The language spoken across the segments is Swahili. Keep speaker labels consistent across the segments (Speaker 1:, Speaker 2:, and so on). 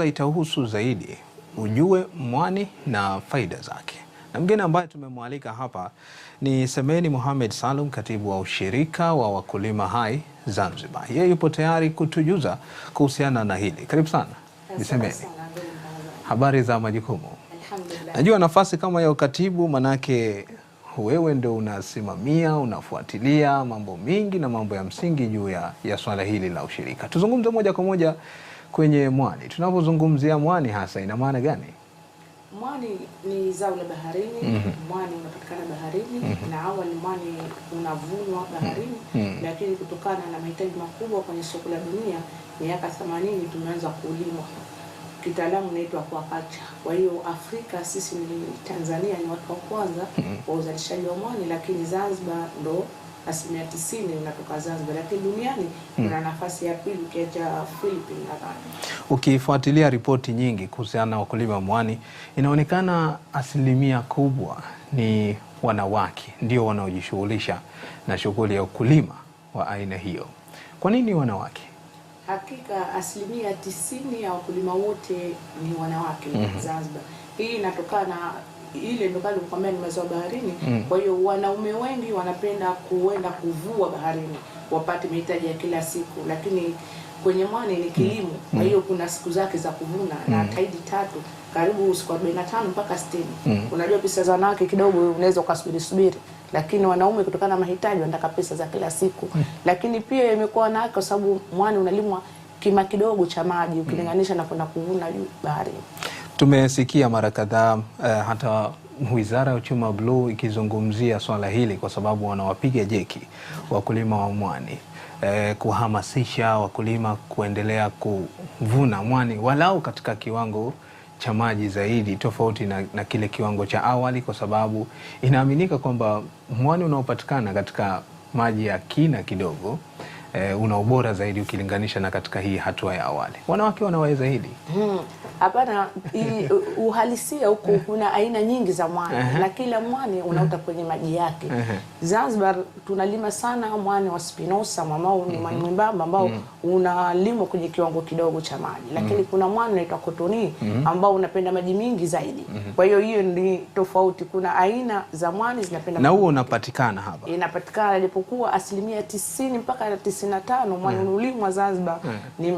Speaker 1: sasa itahusu zaidi ujue mwani na faida zake, na mgeni ambaye tumemwalika hapa ni Semeni Mohamed Salum, katibu wa ushirika wa wakulima hai Zanzibar. Yeye yupo tayari kutujuza kuhusiana na hili. Karibu sana Semeni, habari za majukumu? Najua nafasi kama ya ukatibu manake wewe ndio unasimamia unafuatilia mambo mingi na mambo ya msingi juu ya, ya swala hili la ushirika. Tuzungumze moja kwa moja kwenye mwani. Tunapozungumzia mwani hasa ina maana gani?
Speaker 2: Mwani ni zao la baharini. mm -hmm. Mwani unapatikana baharini. mm -hmm. Na awali mwani unavunwa baharini. mm -hmm. Lakini kutokana na mahitaji makubwa kwenye soko la dunia, miaka 80 tumeanza kulimwa kitaalamu inaitwa kwakacha Kwa hiyo Afrika sisi ni Tanzania ni watu wa kwanza mhm. wa mm -hmm. uzalishaji wa mwani, lakini Zanzibar ndo asilimia tisini inatoka Zanzibar, lakini duniani kuna hmm. nafasi ya pili ukiacha Philippines nadhani.
Speaker 1: Ukifuatilia ripoti nyingi kuhusiana na wakulima mwani, inaonekana asilimia kubwa ni wanawake ndio wanaojishughulisha na shughuli ya ukulima wa aina hiyo. Kwa nini wanawake?
Speaker 2: Hakika asilimia tisini ya wakulima wote ni wanawake mm -hmm. Zanzibar. Hii inatokana ile ndio kale nilikwambia ni maziwa baharini mm. Kwa hiyo wanaume wengi wanapenda kuenda kuvua baharini wapate mahitaji ya kila siku, lakini kwenye mwani ni mm. kilimo mm. Kwa hiyo kuna siku zake za kuvuna mm. na kaidi tatu karibu siku 45 mpaka 60. Mm. Unajua pesa za wanawake kidogo unaweza ukasubiri subiri, lakini wanaume kutokana na mahitaji wanataka pesa za kila siku mm. Lakini pia imekuwa wanawake kwa sababu mwani unalimwa kima kidogo cha maji mm. ukilinganisha mm. na kuvuna juu baharini
Speaker 1: Tumesikia mara kadhaa eh, hata Wizara ya Uchumi wa bluu ikizungumzia swala hili kwa sababu wanawapiga jeki wakulima wa mwani eh, kuhamasisha wakulima kuendelea kuvuna mwani walau katika kiwango cha maji zaidi tofauti na, na kile kiwango cha awali, kwa sababu inaaminika kwamba mwani unaopatikana katika maji ya kina kidogo eh, una ubora zaidi ukilinganisha na katika hii hatua ya awali. Wanawake wanaweza hili hmm.
Speaker 2: Hapana, uhalisia huku eh. kuna aina nyingi za mwani uh eh. -huh. na kila mwani unaota eh. kwenye maji yake uh -huh. Zanzibar tunalima sana mwani wa Spinosa ambao ni mm-hmm. mwani mwembamba ambao uh -huh. Mm. unalimwa kwenye kiwango kidogo cha maji, mm. lakini uh -huh. kuna mwani unaitwa kotoni mm-hmm. ambao unapenda maji mingi zaidi uh mm-hmm. -huh. Kwa hiyo hiyo ni tofauti, kuna aina za mwani zinapenda
Speaker 1: na huo unapatikana hapa,
Speaker 2: inapatikana japokuwa asilimia tisini mpaka tisini na tano mwani unaolimwa Zanzibar uh -huh. ni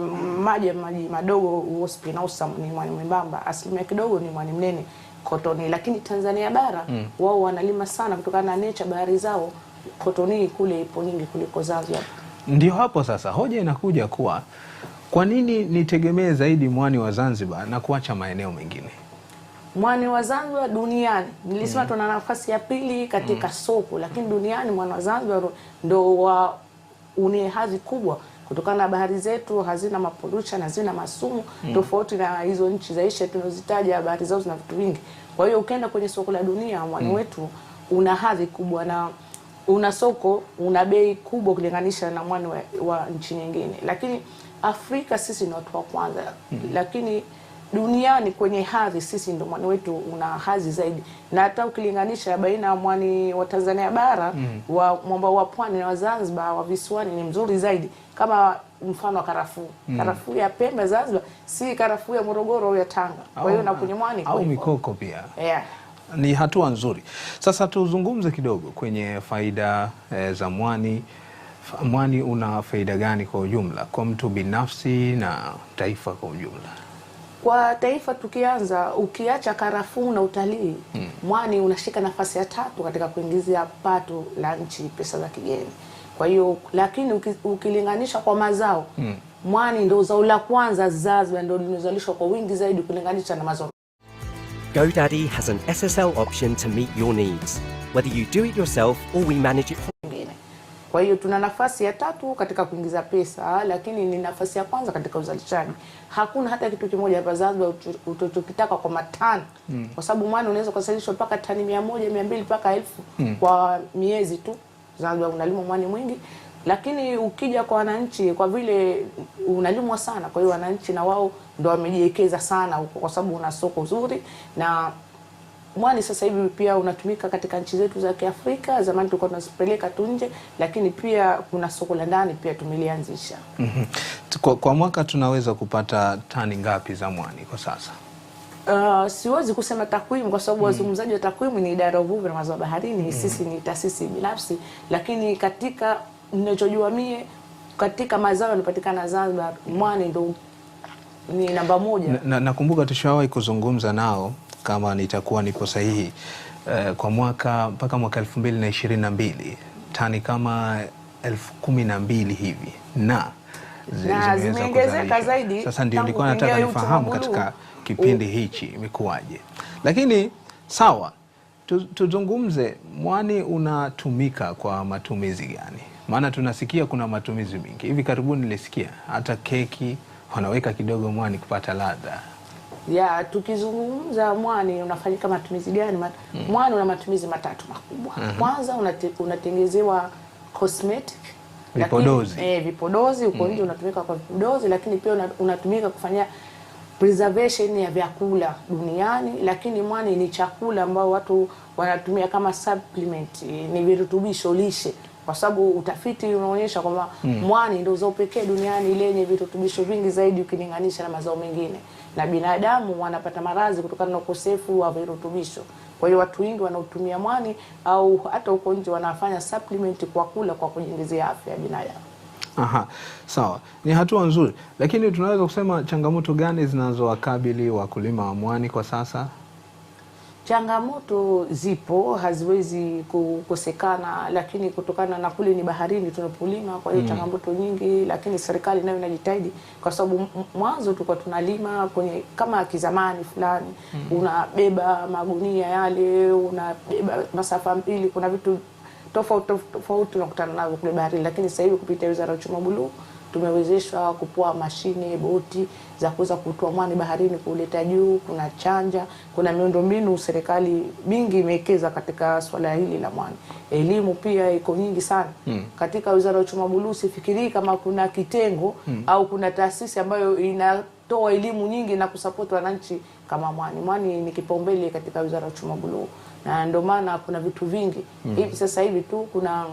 Speaker 2: maji maji madogo, huo Spinosa ni mwani mwembamba, asilimia kidogo ni mwani mnene kotoni, lakini Tanzania bara mm. wao wanalima sana kutokana na nature bahari zao, kotoni kule ipo nyingi kuliko Zanzibar.
Speaker 1: Ndio hapo sasa hoja inakuja kuwa kwa nini nitegemee zaidi mwani wa Zanzibar na kuacha maeneo mengine?
Speaker 2: Mwani wa Zanzibar duniani nilisema mm. tuna nafasi ya pili katika mm. soko, lakini duniani mwani wa Zanzibar ndo wa une hadhi kubwa kutokana na bahari zetu hazina mapollution, hazina masumu mm. tofauti na hizo nchi za Asia tunazozitaja, bahari zao zina vitu vingi. Kwa hiyo ukienda kwenye soko la dunia mwani mm. wetu una hadhi kubwa na una soko una bei kubwa ukilinganisha na mwani wa, wa nchi nyingine, lakini Afrika sisi ni watu wa kwanza mm. lakini duniani kwenye hadhi, sisi ndo mwani wetu una hadhi zaidi, na hata ukilinganisha baina ya mwani wa Tanzania bara mm. wa mwamba wa pwani na wa Zanzibar wa visiwani ni mzuri zaidi, kama mfano wa karafuu mm. karafuu ya Pemba Zanzibar si karafuu ya Morogoro au ya Tanga. Kwa hiyo na kwenye mwani
Speaker 1: au mikoko pia yeah. Ni hatua nzuri. Sasa tuzungumze kidogo kwenye faida e, za mwani. Mwani una faida gani kwa ujumla, kwa mtu binafsi na taifa kwa ujumla?
Speaker 2: Kwa taifa tukianza, ukiacha karafuu na utalii hmm, mwani unashika nafasi ya tatu katika kuingizia pato la nchi pesa za kigeni. Kwa hiyo lakini ukilinganisha kwa mazao hmm, mwani ndio zao la kwanza Zanzibar ndio linazalishwa kwa wingi zaidi kulinganisha na mazao.
Speaker 3: GoDaddy has an SSL option to meet your needs whether you do it yourself or we manage it
Speaker 2: kwa hiyo tuna nafasi ya tatu katika kuingiza pesa, lakini ni nafasi ya kwanza katika uzalishaji. Hakuna hata kitu kimoja hapa Zanzibar utachokitaka kwa matani mm. kwa sababu mwana unaweza kuzalishwa mpaka tani mia moja mia mbili mpaka elfu mm. kwa miezi tu. Zanzibar unalima mwani mwingi, lakini ukija kwa wananchi, kwa vile unalimwa sana, kwa hiyo wananchi na wao ndo wamejiwekeza sana huko, kwa sababu una soko zuri na mwani sasa hivi pia unatumika katika nchi zetu za Kiafrika. Zamani tulikuwa tunazipeleka tu nje, lakini pia kuna soko la ndani pia tumelianzisha. mm
Speaker 1: -hmm. Kwa, kwa mwaka tunaweza kupata tani ngapi za mwani kwa sasa?
Speaker 2: Uh, siwezi kusema takwimu kwa sababu mm. wazungumzaji mm. wa takwimu ni idara ya uvuvi na mazao baharini mm. sisi ni taasisi binafsi, lakini katika ninachojua mie katika mazao yanapatikana Zanzibar mwani ndo ni namba moja.
Speaker 1: Nakumbuka na, na tushawahi kuzungumza nao kama nitakuwa nipo sahihi eh, kwa mwaka mpaka mwaka elfu mbili na ishirini na mbili tani kama elfu kumi na mbili hivi na
Speaker 2: zimeongezeka zaidi.
Speaker 1: Sasa ndio nilikuwa nataka nifahamu katika kipindi hichi imekuwaje, lakini sawa tuzungumze mwani unatumika kwa matumizi gani? Maana tunasikia kuna matumizi mengi. Hivi karibuni nilisikia hata keki wanaweka kidogo mwani kupata ladha
Speaker 2: ya tukizungumza mwani unafanyika matumizi gani? Mat mm. Mwani una matumizi matatu makubwa. mm -hmm. Kwanza unate, unatengezewa cosmetic vipodozi, lakini, eh, vipodozi huko nje mm. unatumika kwa vipodozi, lakini pia unatumika kufanya preservation ya vyakula duniani, lakini mwani ni chakula ambao watu wanatumia kama supplement, eh, ni virutubisho lishe kwa sababu utafiti unaonyesha kwamba mm. mwani ndio zao pekee duniani lenye virutubisho vingi zaidi ukilinganisha na mazao mengine na binadamu wanapata maradhi kutokana na ukosefu wa virutubisho. Kwa hiyo watu wengi wanaotumia mwani au hata huko nje wanafanya supplement kwa kula kwa kujiongezea afya ya binadamu.
Speaker 1: Aha, sawa, ni hatua nzuri, lakini tunaweza kusema changamoto gani zinazowakabili wakulima wa mwani kwa sasa?
Speaker 2: Changamoto zipo, haziwezi kukosekana, lakini kutokana na kule ni baharini tunapolima, kwa hiyo mm. changamoto nyingi, lakini serikali nayo inajitahidi, kwa sababu mwanzo tulikuwa tunalima kwenye kama kizamani fulani mm. unabeba magunia yale, unabeba masafa mbili, kuna vitu tofauti tofauti tunakutana navyo kule baharini, lakini sasa hivi kupitia Wizara ya Uchumi wa Buluu tumewezeshwa kupoa mashine boti za kuweza kutoa mwani baharini kuuleta juu. Kuna chanja, kuna miundombinu serikali mingi imewekeza katika swala hili la mwani. Elimu pia iko nyingi sana hmm. Katika wizara ya uchumi buluu sifikirii kama kuna kitengo hmm. au kuna taasisi ambayo inatoa elimu nyingi na kusapoti wananchi kama mwani. Mwani ni kipaumbele katika wizara ya uchumi buluu, na ndio maana kuna vitu vingi hmm. hivi sasa hivi tu kuna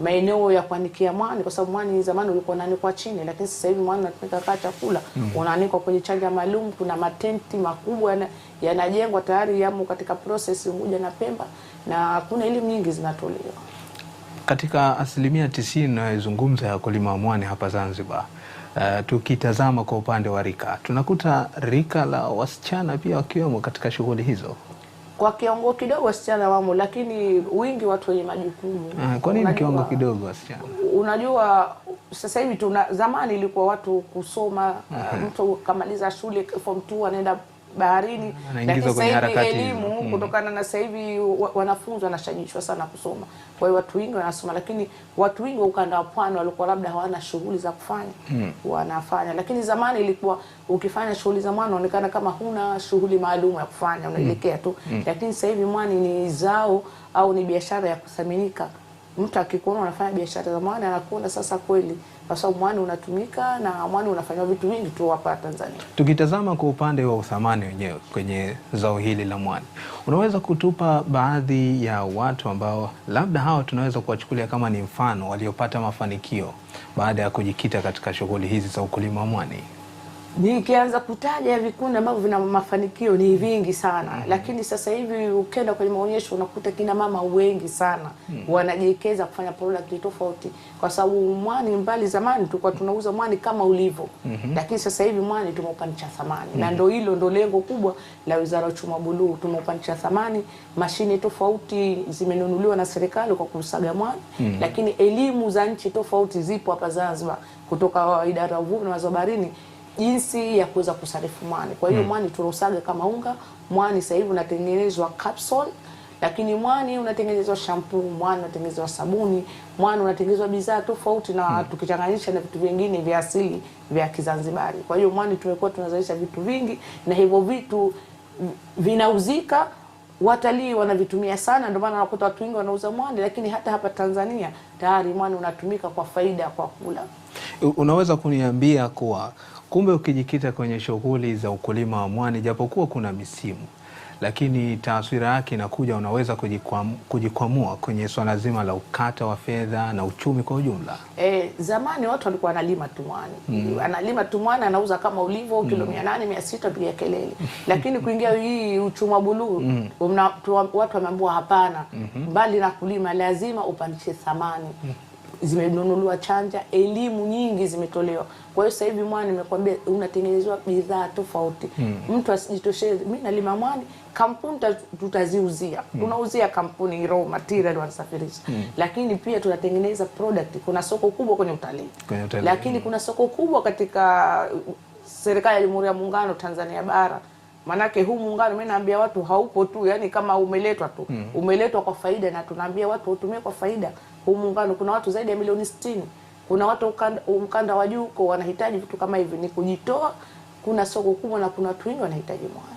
Speaker 2: maeneo ya kuanikia mwani, kwa sababu mwani zamani ulikuwa unanikwa chini, lakini sasa hivi mwani unatumika kama chakula mm. unaanikwa kwenye chanja maalum. Kuna matenti makubwa yanajengwa ya tayari yamo katika process Unguja na Pemba, na kuna elimu nyingi zinatolewa
Speaker 1: katika asilimia tisini inayozungumza ya kulima wa mwani hapa Zanzibar. Uh, tukitazama kwa upande wa rika tunakuta rika la wasichana pia wakiwemo katika shughuli hizo
Speaker 2: kwa kiwango kidogo wasichana wamo, lakini wingi watu wenye majukumu.
Speaker 1: Ah, kwa nini kiwango kidogo wasichana?
Speaker 2: Unajua sasa hivi tuna, zamani ilikuwa watu kusoma, mtu kamaliza shule form 2 anaenda baharini, lakini sasa hivi elimu mm. kutokana na sasa hivi wanafunzi wanashajishwa sana kusoma, kwa hiyo watu wengi wanasoma, lakini watu wengi wa ukanda wa pwani walikuwa labda hawana shughuli za kufanya mm. wanafanya, lakini zamani ilikuwa ukifanya shughuli za mwani unaonekana kama huna shughuli maalum ya kufanya, unaelekea tu mm. lakini sasa hivi mwani ni zao au ni biashara ya kuthaminika mtu akikuona unafanya biashara za mwani anakuona sasa kweli, kwa sababu mwani unatumika na mwani unafanywa vitu vingi tu hapa Tanzania.
Speaker 1: Tukitazama kwa upande wa uthamani wenyewe kwenye zao hili la mwani, unaweza kutupa baadhi ya watu ambao labda hawa tunaweza kuwachukulia kama ni mfano waliopata mafanikio baada ya kujikita katika shughuli hizi za ukulima wa mwani?
Speaker 2: nikianza kutaja vikundi ambavyo vina mafanikio ni vingi sana mm -hmm. Lakini sasa hivi ukenda kwenye maonyesho unakuta kina mama wengi sana mm -hmm. Wanajiwekeza kufanya product tofauti, kwa sababu mwani mbali, zamani tulikuwa tunauza mwani kama ulivyo mm -hmm. Lakini sasa hivi mwani tumeupanisha thamani mm -hmm. Na mm-hmm. ndio hilo ndio lengo kubwa la Wizara ya Uchumi Buluu, tumeupanisha thamani. Mashine tofauti zimenunuliwa na serikali kwa kusaga mwani mm -hmm. Lakini elimu za nchi tofauti zipo hapa Zanzibar kutoka idara ya uvuvi na mazobaharini jinsi ya kuweza kusarifu mwani. Kwa hiyo mm. mwani tunausaga kama unga, mwani sasa hivi unatengenezwa capsule, lakini mwani unatengenezwa shampoo, mwani unatengenezwa sabuni, mwani unatengenezwa bidhaa tofauti na mm. tukichanganyisha na vitu vingine vya asili vya Kizanzibari. Kwa hiyo mwani tumekuwa tunazalisha vitu vingi na hivyo vitu vinauzika watalii wanavitumia sana, ndio maana wanakuta watu wengi wanauza mwani, lakini hata hapa Tanzania tayari mwani unatumika kwa faida kwa kula.
Speaker 1: Unaweza kuniambia kuwa Kumbe ukijikita kwenye shughuli za ukulima wa mwani, japokuwa kuna misimu, lakini taswira yake inakuja, unaweza kujikwamua kwenye swala zima la ukata wa fedha na uchumi kwa ujumla.
Speaker 2: E, zamani watu walikuwa wanalima tumwani mm. analima tumwani anauza kama ulivyo mm. kilo mia nane mia sita piga kelele, lakini kuingia hii uchuma buluu mm. watu wameambiwa hapana, mhm. mbali mm -hmm. na kulima lazima upandishe thamani mm zimenunuliwa chanja, elimu nyingi zimetolewa. Kwa hiyo sasa hivi mwani nimekwambia unatengenezewa bidhaa tofauti mm. Mtu asijitoshe, mimi nalima mwani, kampuni tutaziuzia mm. Tunauzia kampuni raw material wanasafirisha mm. Lakini pia tunatengeneza product. Kuna soko kubwa kwenye utalii, utali, lakini mm. kuna soko kubwa katika uh, serikali ya Jamhuri ya Muungano Tanzania bara Manake huu muungano mimi naambia watu haupo tu, yani kama umeletwa tu mm. umeletwa kwa faida, na tunaambia watu utumie kwa faida huu muungano kuna watu zaidi ya milioni sitini. Kuna watu ukanda, ukanda wa juu kwa wanahitaji vitu kama hivi, ni kujitoa. Kuna soko kubwa na kuna watu wengi wanahitaji mwani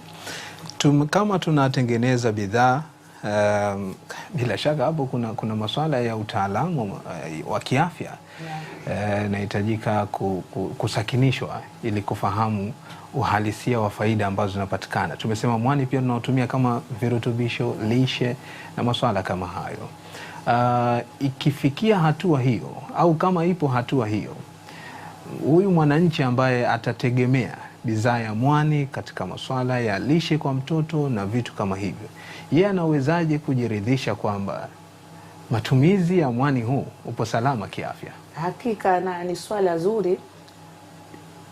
Speaker 1: Tum, kama tunatengeneza bidhaa um, bila shaka hapo kuna, kuna masuala ya utaalamu uh, wa kiafya eh, inahitajika yeah. uh, ku, ku, kusakinishwa ili kufahamu uhalisia wa faida ambazo zinapatikana. Tumesema mwani pia tunaotumia kama virutubisho, lishe na masuala kama hayo uh, ikifikia hatua hiyo au kama ipo hatua hiyo, huyu mwananchi ambaye atategemea bidhaa ya mwani katika masuala ya lishe kwa mtoto na vitu kama hivyo, yeye anawezaje kujiridhisha kwamba matumizi ya mwani huu upo salama kiafya?
Speaker 2: Hakika na ni swala zuri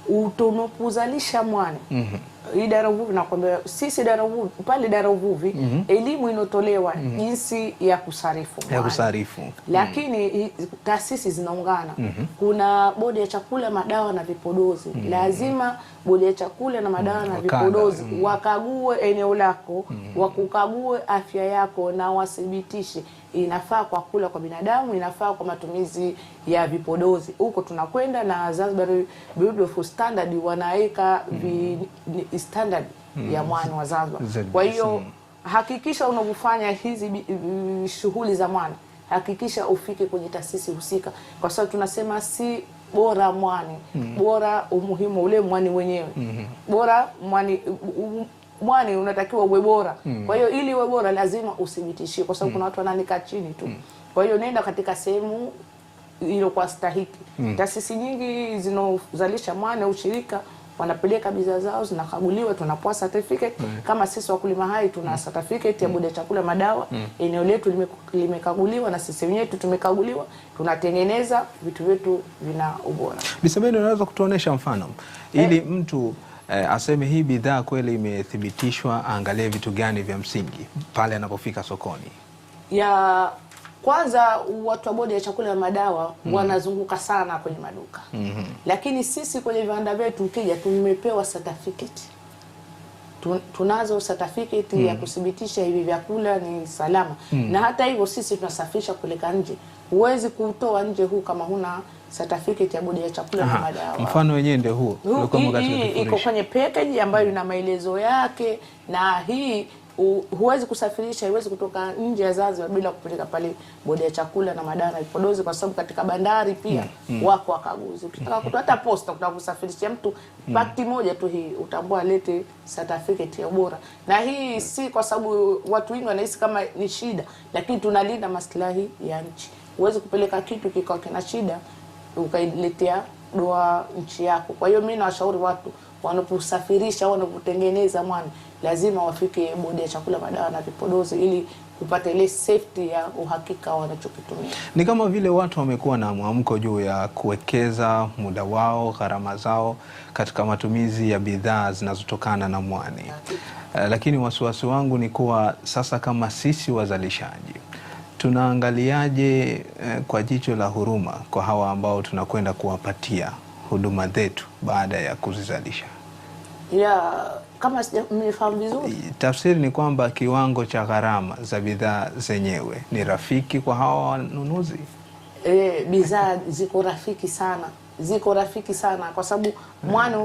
Speaker 2: utunopuzalisha mwani mm -hmm hii dara uvuvi nakwambia sisi dara uvuvi pale dara uvuvi mm -hmm. elimu inotolewa mm -hmm. jinsi ya kusarifu
Speaker 1: ya kusarifu
Speaker 2: lakini mm -hmm. taasisi zinaungana mm -hmm. kuna bodi ya chakula madawa na vipodozi mm -hmm. lazima bodi ya chakula na madawa na mm, vipodozi mm. wakague eneo lako mm. wakukague afya yako na wathibitishe inafaa kwa kula kwa binadamu, inafaa kwa matumizi ya vipodozi. Huko tunakwenda na Zanzibar Beautiful Standard wanaweka mm. standard mm. ya mwani wa Zanzibar. Kwa hiyo hakikisha unavyofanya hizi mm, shughuli za mwana, hakikisha ufike kwenye taasisi husika, kwa sababu tunasema si bora mwani mm. bora umuhimu ule mwani wenyewe mm bora mwani um, mwani unatakiwa uwe bora mm. kwa hiyo ili uwe bora lazima usibitishie kwa sababu mm. kuna watu wanaandika chini tu mm. kwa hiyo nenda katika sehemu kwa stahiki mm. Taasisi nyingi zinozalisha mwani ushirika wanapeleka bidhaa zao zinakaguliwa, tunapoa certificate mm. Kama sisi wakulima hai tuna mm. certificate ya bodi mm. ya chakula madawa mm. Eneo letu limekaguliwa na sisi wenyewe tumekaguliwa, tunatengeneza vitu vyetu vina ubora.
Speaker 1: Bisabeni, unaweza kutuonesha mfano eh. ili eh, mtu eh, aseme hii bidhaa kweli imethibitishwa, aangalie vitu gani vya msingi pale anapofika sokoni
Speaker 2: ya kwanza watu wa bodi ya chakula na madawa mm. wanazunguka sana kwenye maduka mm -hmm. Lakini sisi kwenye viwanda vyetu ukija tumepewa certificate tunazo certificate mm. ya mm-hmm. kuthibitisha hivi vyakula ni salama mm. na hata hivyo sisi tunasafisha kuleka nje. Huwezi kutoa nje huu kama huna certificate ya bodi ya chakula na madawa.
Speaker 1: Mfano wenyewe ndio huo,
Speaker 2: iko kwenye package ambayo ina maelezo yake, na hii huwezi kusafirisha, iwezi kutoka nje ya Zanzibar bila kupeleka pale bodi ya chakula na madawa na vipodozi, kwa sababu katika bandari pia mm, mm. wako wakaguzi. Ukitaka kutoa hata posta, kutaka kusafirishia mtu mm. pakti moja tu, hii utambua alete certificate ya ubora, na hii mm. si kwa sababu watu wengi wanahisi kama ni shida, lakini tunalinda maslahi ya nchi. Huwezi kupeleka kitu kikawa kina shida ukailetea doa nchi yako. Kwa hiyo mimi nawashauri watu wanaposafirisha au wanapotengeneza mwani, lazima wafike bodi ya chakula, madawa na vipodozi ili kupata ile safety ya uhakika wanachokitumia.
Speaker 1: Ni kama vile watu wamekuwa na mwamko juu ya kuwekeza muda wao, gharama zao katika matumizi ya bidhaa zinazotokana na mwani. Uh, lakini wasiwasi wangu ni kuwa sasa kama sisi wazalishaji tunaangaliaje uh, kwa jicho la huruma kwa hawa ambao tunakwenda kuwapatia huduma zetu baada ya kuzizalisha?
Speaker 2: ya kama sijafahamu vizuri,
Speaker 1: tafsiri ni kwamba kiwango cha gharama za bidhaa zenyewe ni rafiki kwa hawa wanunuzi.
Speaker 2: E, bidhaa ziko rafiki sana, ziko rafiki sana kwa sababu mm. mwana